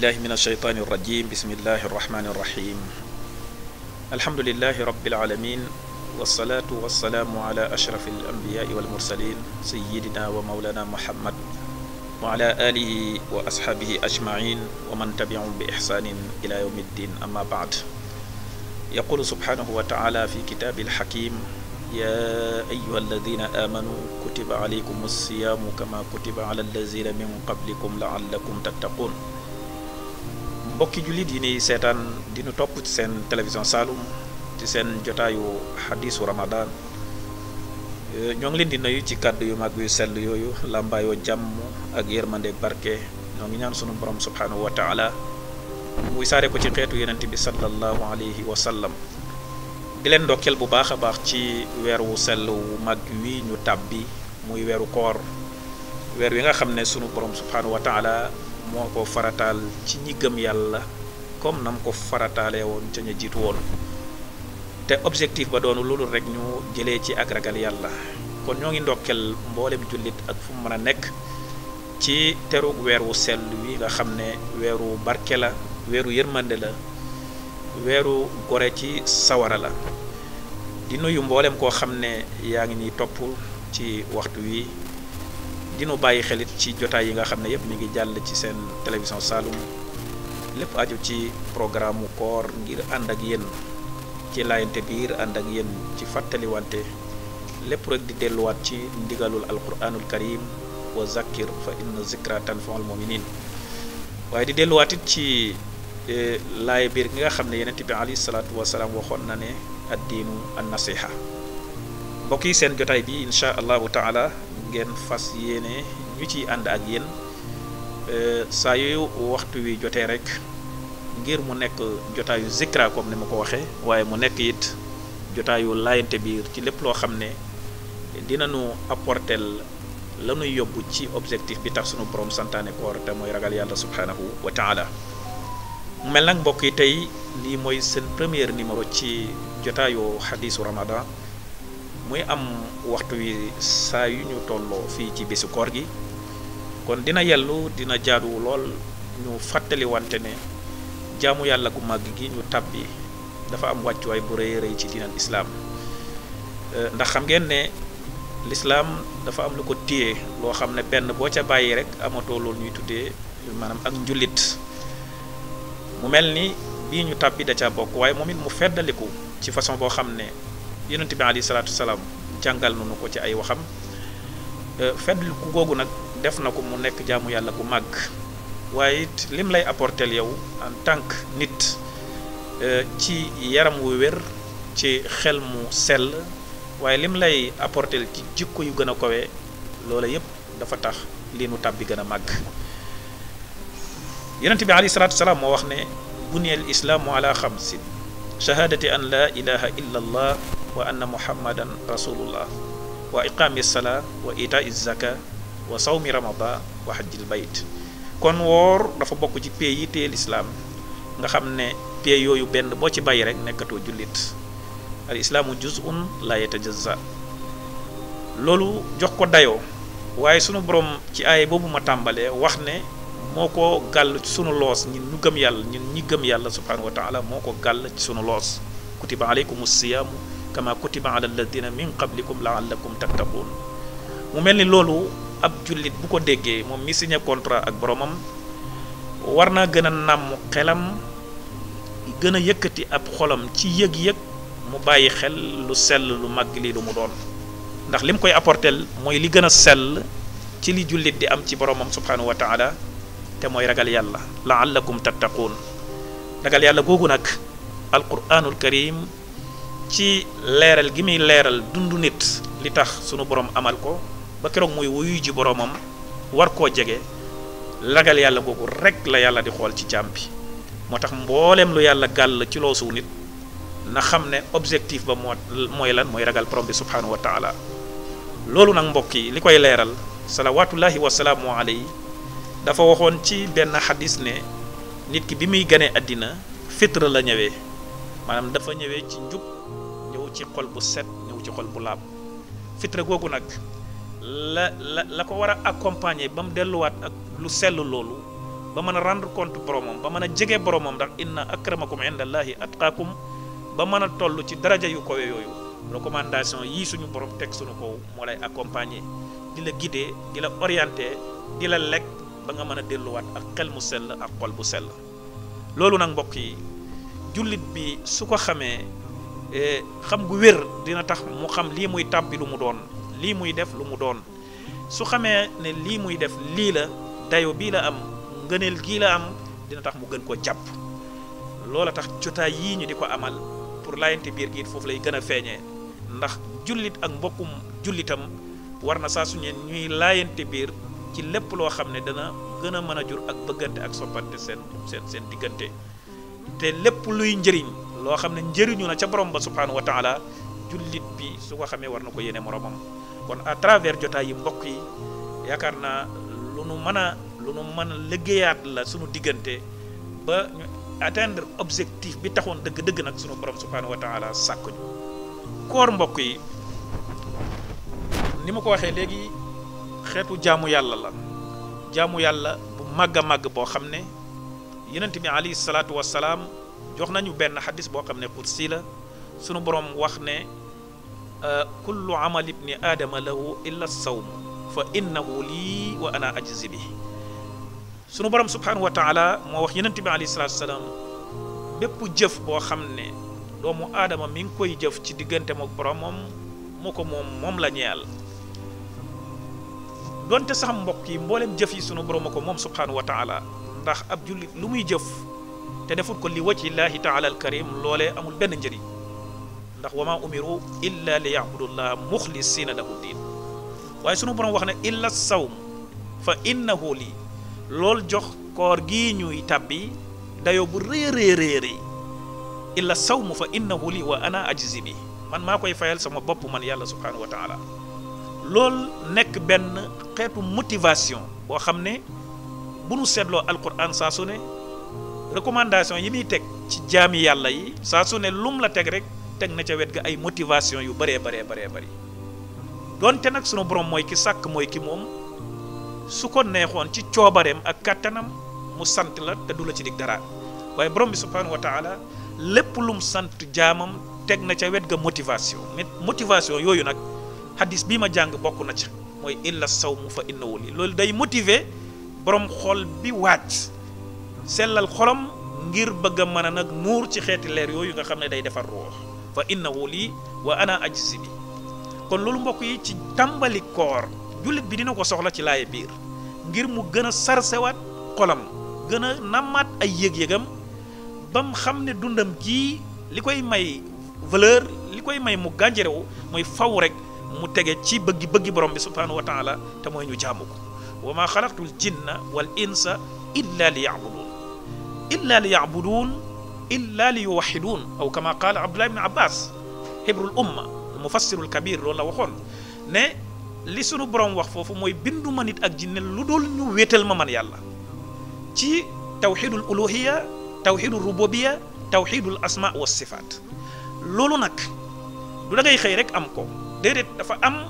بالله من الشيطان الرجيم بسم الله الرحمن الرحيم الحمد لله رب العالمين والصلاة والسلام على أشرف الأنبياء والمرسلين سيدنا ومولانا محمد وعلى آله وأصحابه أجمعين ومن تبعهم بإحسان إلى يوم الدين أما بعد يقول سبحانه وتعالى في كتاب الحكيم يا أيها الذين آمنوا كتب عليكم الصيام كما كتب على الذين من قبلكم لعلكم تتقون mbokki jullit yi ni seetaan dina topp ci seen télévision saalum ci seen jotaayu xadiisu Ramadan euh, ñoo ngi leen di nuyu ci kàddu yu mag yu sell yooyu làmbaayoo jàmm ak yërmandeeg barke ñoo ngi ñaan sunu borom subhanahu wa taala muy saare ko ci xeetu yenent bi sallallahu alayhi wa sallam di leen ndokkeel bu baax a baax ci weer wu sell wu mag wi ñu tàbbi muy weeru koor weer wi nga xam ne sunu borom subhanahu wa moo ko farataal ci ñi gëm yàlla comme nam ko farataalee woon ca ñu jiitu woon te objectif ba doon lu loolu rek ñu jëlee ci ak ragal yàlla kon ñoo ngi ndokkeel mboolem jullit ak fu mu mën a nekk ci teru weer wu sell wi nga xam ne weeru barke la weeru yërmande la weeru gore ci sawara la di nuyu mbooleem koo xam ne yaa ngi ni topp ci waxtu wi dinu bàyyi xelit ci jotaay yi nga xam ne yëpp mu ngi jàll ci seen télévision Saloum lépp aju ci programme koor ngir ànd ak yéen ci laayante biir ànd ak yéen ci fàttaliwante lépp rek di delluwaat ci ndigalul alquranul karim wa zakir fa inna zikra tanfaul muminin waaye di delluwaat it ci e, laay biir gi nga xam ne yenent bi alayhi salaatu wasalaam waxoon na ne ad diinu an nasiha yi seen jotaay bi incha allahu taala ngeen fas yéene ñu ci ànd ak yéen euh, saa yooyu waxtu wi jotee rek ngir mu nekk jotaayu zikra comme ni ma ko waxee waaye mu nekk it jotaayu laayante biir ci lépp loo xam ne dinañu apporter la ñuy yóbbu ci objectif bi tax sunu borom santaane koor te mooy ragal yàlla subhanahu wa taala mu mel nag mbokk yi tey lii mooy seen première numéro ci jotaayu xadiisu Ramadan. muy am waxtu wi saa yu ñu tolloo fii ci bésu koor gi kon dina yellu dina jaaduwu lool ñu fàttali wante ne jaamu yàlla gu màgg gi ñu tàbbi dafa am wàccuwaay bu rëy rëy ci diinal islaam euh, ndax xam ngeen ne lislaam dafa am lu ko téye loo xam ne benn boo ca bàyyi rek amatoo loolu ñuy tuddee maanaam ak njulit mu mel ni bii ñu tàbbi da ca bokk waaye moom it mu feddaliku ci façon boo xam ne yonent bi alayhi salaatu salaam jàngal nañu ko ci ay waxam euh, fenn ku googu nag def na ko mu nekk jaamu yàlla bu màgg waaye it lim lay apporteel yow en tant que nit euh, ci yaram wu wér ci xel mu sel waaye lim lay apporteel ci jikko yu gën a kawe loola yépp dafa tax lii nu tàbbi gën a màgg yonent bi alayhi salaatu salaam moo wax ne buniyal islaamu ala xamsin shahaadati an laa ilaha illa wa anna muhammadan rasulullah wa iqaami salaa wa itaa zaka wa sawmi ramadan wa hajjil bayt kon woor dafa bokk ci p yi tee lislaam nga xam ne p yooyu benn boo ci bàyyi rek nekkatoo jullit al islaamu juz'un la yatajazza loolu jox ko dayoo waaye sunu borom ci aaya boobu ma tàmbalee wax ne moo ko gàll sunu loos ñun ñu gëm yàlla ñun ñi gëm yàlla subhanahu wa taala moo ko gàll sunu loos kutiba aleykumus siyaamu كما كتب على الذين من قبلكم لعلكم تتقون مملي لولو اب جوليت بوكو ديغي موم مي سيني كونترا اك بروموم ورنا غنا نام خلام غنا يكتي اب خولم تي ييغ ييغ مو باي خيل لو سيل لو ماغ لي لو مودون داخ ليم كوي ابورتيل موي لي غنا سيل تي لي جوليت دي ام تي بروموم سبحانه وتعالى تي موي راغال يالا لعلكم تتقون راغال يالا غوغو نك القران الكريم ci leeral gi muy leeral dund nit li tax sunu borom amal ko ba keroog muy wuyu ji boromam war koo jege lagal yàlla googu rek la yàlla di xool ci jaam bi moo tax mbooleem lu yàlla gàll ci loosuw nit na xam ne objectif ba mooy lan mooy ragal borom bi subhaanahu wa loolu nag mbokk yi li koy leeral salawaatullahi wasalaamu alayhi dafa waxoon ci benn xadis ne nit ki bi muy ganee àddina fitre la ñëwee maanaam dafa ñëwee ci njub ci xol bu set ñëw ci xol bu laab fitra googu nag la la la ko war a accompagner ba mu delluwaat ak lu sell loolu ba mën a rendre compte boromam ba mën a jege boromam ndax inna akramakum indallahi atqaakum ba mën a tollu ci daraja yu kowe yooyu recommandation yii suñu borom teg suñu kaw moo lay accompagner di la guider di la orienter di la lekk ba nga mën a delluwaat ak xel mu sell ak xol bu sel loolu nag mbokk yi jullit bi su ko xamee Eh, xam gu wér dina tax mu xam lii muy tàbbi lu mu doon lii muy def lu mu doon su xamee ne lii muy def lii la dayo bii la am ngëneel gii la am dina tax mu gën koo jàpp loola tax jotaay yii ñu di ko amal pour laayante biir gi foofu lay gën a feeñee ndax jullit ak mbokkum jullitam war na saa su ñeen ñuy laayante biir ci lépp loo xam ne dana gën a mën a jur ak bëggante ak soppante seen seen seen diggante te lépp luy njëriñ loo xam ne njëriñu na ca borom ba subhanahu wa taala jullit bi su ko xamee war na ko yéene moroomam kon à travers jotaay yi mbokk yi yaakaar naa lu nu mën a lu nu mën a liggéeyaat la sunu diggante ba ñu objectif bi taxoon dëgg-dëgg nag sunu borom subhanahu wa taala sàkk ñu koor mbokk yi ni ma ko waxee léegi xeetu jaamu yàlla la jaamu yàlla bu màgg a màgg boo xam ne yenent bi alayhi salaatu wasalaam jox nañu benn xadis boo xam ne qudsi la sunu borom wax ne kullu amal ibni aadama lahu illa sawm fa innahu lii wa ana ajzi bi sunu borom subhanahu wa taala moo wax yenent bi alayhi salatu wasalaam bépp jëf boo xam ne doomu aadama mi ngi koy jëf ci diggante mook boromam moo ko moom moom la ñeel donte sax mbokk yi mboolem jëf yi sunu borom a ko moom subhanahu wa taala ndax ab jullit lu muy jëf te defut ko li wajhi llahi taala alkarim loolee amul benn njëriñ ndax wama umiru illa li yabudu yacbudullaha mukhlisina lahu diin waaye sunu borom wax ne illa sawm fa innahu li lool jox koor gii ñuy tàbbi dayo bu réeréeréeré illa sawm fa innahu li wa ana ajzi bi man maa koy fayal sama bopp man yàlla subhanahu wa taala loolu nekk benn xeetu motivation boo xam ne bu nu seetloo alquran saa su ne recommandation yi muy teg ci jaami yàlla yi saa su ne lum la teg rek teg na ca wet ga ay motivation yu bëree baree baree bëri donte nag sunu borom mooy ki sàkk mooy ki moom su ko neexoon ci coobareem ak kàttanam mu sant la te du la ci dig dara waaye borom bi subhanahu wa lépp lum sant jaamam teg na ca wet ga motivation motivation yooyu nag hadis bi ma jàng bokk na ca mooy illa saw mu fa innawu li loolu day motive borom xol bi waaj selal xolam ngir bëgg man mën a nag ci xeeti leer yooyu nga xam ne day defar ruux fa innahu li wa ana ajsi bi kon loolu mbokk yi ci tàmbali koor jullit bi dina ko soxla ci laaye biir ngir mu gën a sarsewaat xolam gën a nammaat ay yëg-yëgam bam xam ne dundam gii li koy may valeur li koy may mu gànjarewu mooy faw rek mu tege ci bëggi bëggi borom bi subhanahu wa taala te mooy ñu jaamu ko wa ma jinna wal insa illa liyabudun إلا ليعبدون إلا ليوحدون أو كما قال عبد الله بن عباس حبر الأمة المفسر الكبير رولا وخون ني لي سونو بروم واخ فوفو موي بيندو مانيت اك جين لودول ني ويتال ما مان يالا تي توحيد الالوهيه توحيد الربوبيه توحيد الاسماء والصفات لولو نك دو داغي خي رك ام كو ديريت دا فا ام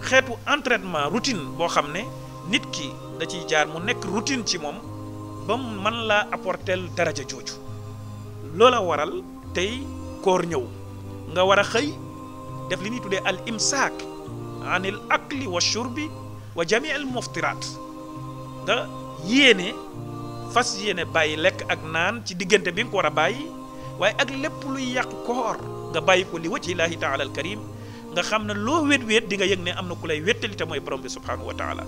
خيتو انترينمون روتين بو خامني نيت كي دا تي جار مو نيك روتين تي موم bam man la apportel daraja joju lola waral tay kor ñew nga wara xey def li ni tuddé al imsak anil akli wa shurbi wa jami' al muftirat da yene fas yene bayyi lek ak naan ci digënté bi ko wara bayyi waye ak lepp luy yak koor nga ko li wati ta'ala al karim nga xamna lo wet wet di nga yegne ne amna kulay wetali te moy borom bi subhanahu wa ta'ala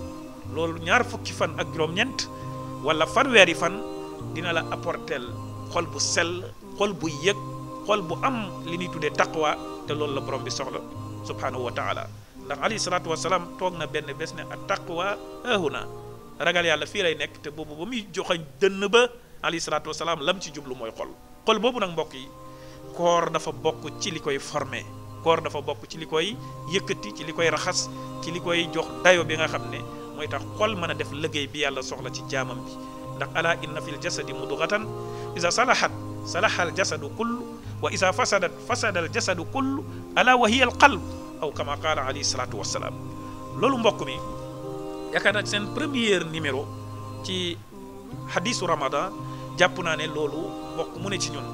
lolou ñaar fukki fan ak juroom ñent wala fanweeri fan dina la apporter xol bu sel xol bu yëg xol bu am li ñuy tuddee taqwa te loolu la borom bi soxla subhanahu wa taala ndax alayhi salaatu wasalaam toog na benn bés ne at waa ahuna ragal yàlla fii lay nekk te boobu ba muy joxañ dënn ba alayhi salaatu wasalaam lam ci jublu mooy xol xol boobu nag mbokk yi koor dafa bokk ci li koy formé koor dafa bokk ci li koy yëkkati ci li koy raxas ci li koy jox dayo bi nga xam ne mooy tax xol mën a def liggéey bi yàlla soxla ci jaamam bi ndax ala inna fil jasadi mudghatan isa salahat salaha al jasadu kullu wa isa fasadat fasada al jasadu kullu ala wa hiya al qalb aw kama qaala alayhi salaatu wassalaam loolu mbokk mi yaakaar seen premier numéro ci hadisu ramadan jàpp naa ne loolu mbokk mu ne ci ñun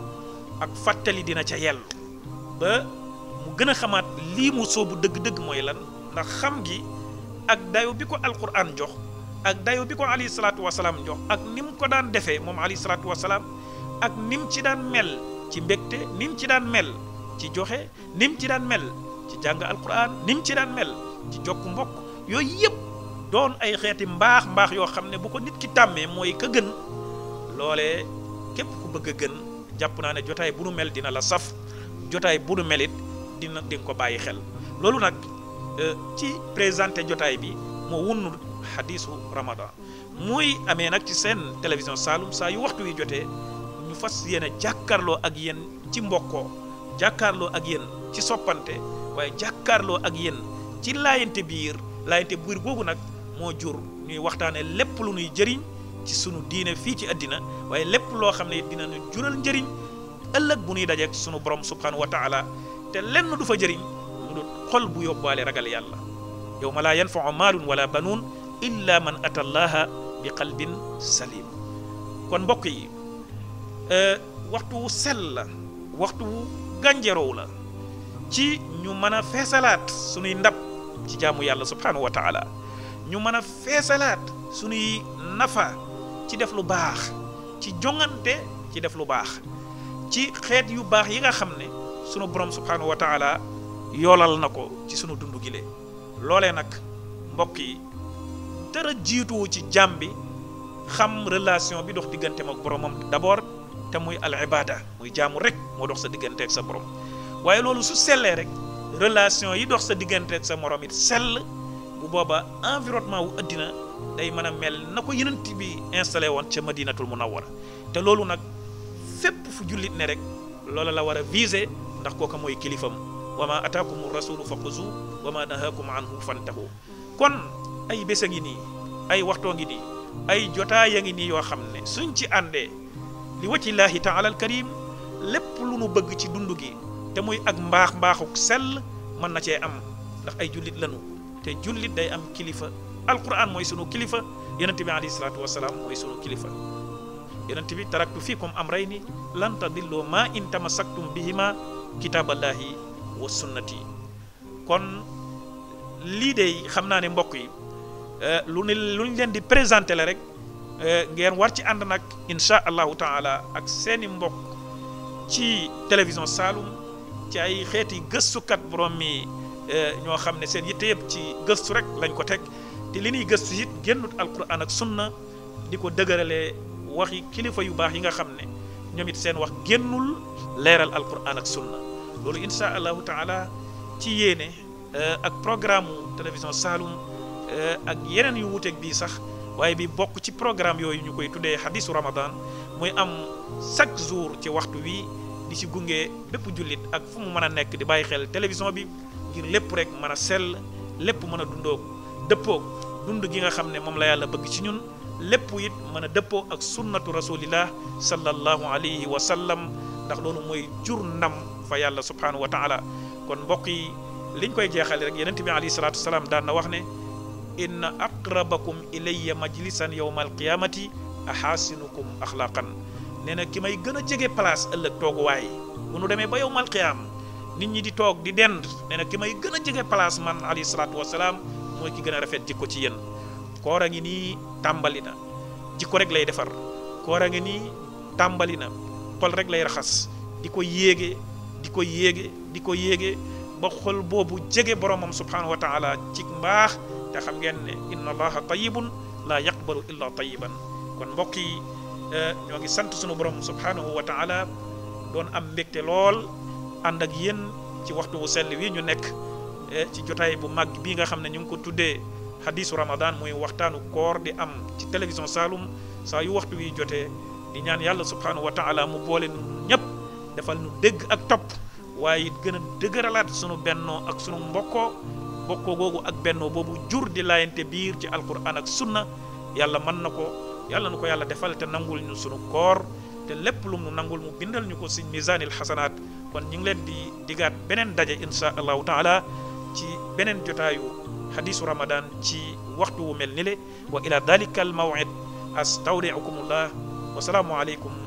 ak fàttali dina ca yell ba mu gën a xamaat lii mu soobu dëgg-dëgg mooy ndax xam gi ak dayo bi ko alquran jox ak dayo bi ko alayhi salaatu wasalaam jox ak ni mu ko daan defee moom alayhi salaatu wasalaam ak ni mu ci daan mel ci mbégte ni ci daan mel ci joxe ni ci daan mel ci jàng alquran ni mu ci daan mel ci jokk mbokk yooyu yëpp doon ay xeeti mbaax mbaax yoo xam ne bu ko nit ki tàmmee mooy ka gën loole képp ku bëgg a gën jàpp naa ne jotaay bu nu mel dina la saf jotaay bu nu melit dina di ko bàyyi xel loolu nag Euh, ci présenté jotaay bi moo wunnu xadiisu ramadan muy amee nag ci seen télévision Saalum saa yu waxtu wi jotee ñu fas yéene jàkkaarloo ak yéen ci mbokkoo jàkkaarloo ak yéen ci soppante waaye jàkkaarloo ak yéen ci laayante biir laayante biir boobu nag moo jur ñuy waxtaanee lépp lu nuy jëriñ ci sunu diine fii ci àddina waaye lépp loo xam ne dina ñu jural njëriñ ëllëg bu ñuy dajeek sunu borom subhanahu wa te lenn du fa jëriñ xol bu yóbbaale ragal yalla yawma laa yanfau maalun wala banun illa man atallaha bi qalbin salim kon mbok yi e, waxtu sel la waxtu ganjero la ci ñu mëna fessalat suñu ndab ci jaamu yalla subhanahu wa taala ñu mëna fessalat suñu nafa ci def lu bax ci jongante ci def lu bax ci xet yu bax yi nga xamne suñu borom subhanahu wa taala yoolal na ko ci sunu dund gile loolee nag mbokk yi dara jiituwu ci jàmm bi xam relation bi dox digganteem ak boromam d'abord te muy al ibada muy jaamu rek moo dox sa diggante ak sa borom waaye loolu su sellee rek relation yi dox sa diggante ak sa morom it sell bu booba environnement wu addina day mën a mel na ko yenent bi installé woon ca madinatul munawwara te loolu nag fépp fu jullit ne rek loola la war a viser ndax kooka mooy kilifam wama atakum ataakum rasulu faquzu nahakum anhu fantahu kon ay besangi ni ay waxto ngi ni ay jota a ngi nii yoo xam suñ ci ande li wajillaahi taala al-karim lepp lu nu bëgg ci dundu gi te muy ak mbax sel man na ci am ndax ay julit lañu te julit day am kilifa alquran moy sunu kilifa yonente bi alayhi salatu wassalam moy sunu kilifa yonente bi taraktu fikum amrayni lan tadillu ma in tamassaktum bihima kitaballahi wa sunnati kon lii de xam naa ne mbokk yi eh, lu ne lu ñu leen di présenté la rek eh, ngeen war ci ànd nag incha allahu taala ak seeni mbokk ci télévision Saloum ci ay xeeti gëstukat borom mi eh, ñoo xam ne seen yitte yëpp ci gëstu rek lañ ko teg te li ñuy gëstu yit génnut alquran ak sunna di ko dëgëralee waxi kilifa yu baax yi nga xam ne ñoom it seen wax génnul leeral alquran ak sunna loolu insha allahu taala ci yéene euh, ak programme télévision Saloum euh, ak yeneen yu wuuteeg bii sax waaye bi bokk ci programme yooyu ñu koy tuddee xadisu Ramadan muy am chaque jour ci waxtu wi di ci gunge bépp jullit ak fu mu mën a nekk di bàyyi xel télévision bi ngir lépp rek mën a sell lépp mën a dundoo dëppoo dund gi nga xam ne moom la yàlla bëgg ci ñun lépp it mën a dëppoo ak sunnatu rasulillah sallallahu alayhi wa sallam ndax loolu mooy jur ndam. fa yàlla subhanahu wa taala kon mbokk yi liñ koy jeexale rek yenent bi alayhi salaatu salaam daan na wax ne inna aqrabakum ilayya majlisan yowma alqiyamati axaasinukum axlaqan nee na ki may gën a jege place ëllëg tooguwaay bu demee ba yowma alqiyaam nit ñi di toog di dend nee na ki gën a jege place man alayhi salaatu wasalaam mooy ki gën a rafet jikko ci yéen koor a ngi tàmbali na jikko rek lay defar koor a nii tàmbali na xol rek lay raxas di ko yéege di ko yéege di ko yéege ba xol boobu jege boromam subhanahu wa taala ci mbaax te xam ngeen ne inna allaha tayibun laa yaqbalu illa tayiban kon mbokk yi e, ñoo ngi sant sunu borom subhanahu wa taala doon am mbégte lool ànd ak yéen ci waxtu wu sell wi ñu nekk e, ci jotaay bu mag bii nga xam ne ñu ngi ko tuddee hadisu ramadan muy waxtaanu koor di am ci télévision saalum saa yu waxtu wi jote di ñaan yàlla subhanahu wa taala mu boole ñëpp defal nu dégg ak topp waaye it dëgëralaat sunu bennoo ak sunu mbokkoo mbokkoo googu ak bennoo boobu jur di laayante biir ci alquran ak sunna yàlla mën na ko yàlla nu ko yàlla defal te nangul ñu sunu koor te lépp lu mu nangul mu bindal ñu ko si misaanil xasanaat kon ñu ngi leen di digaat beneen daje insha allahu taala ci beneen jotaayu xadisu ramadan ci waxtu wu mel ni le wa ila dalika al mawid astawdiukum allah wa aleykum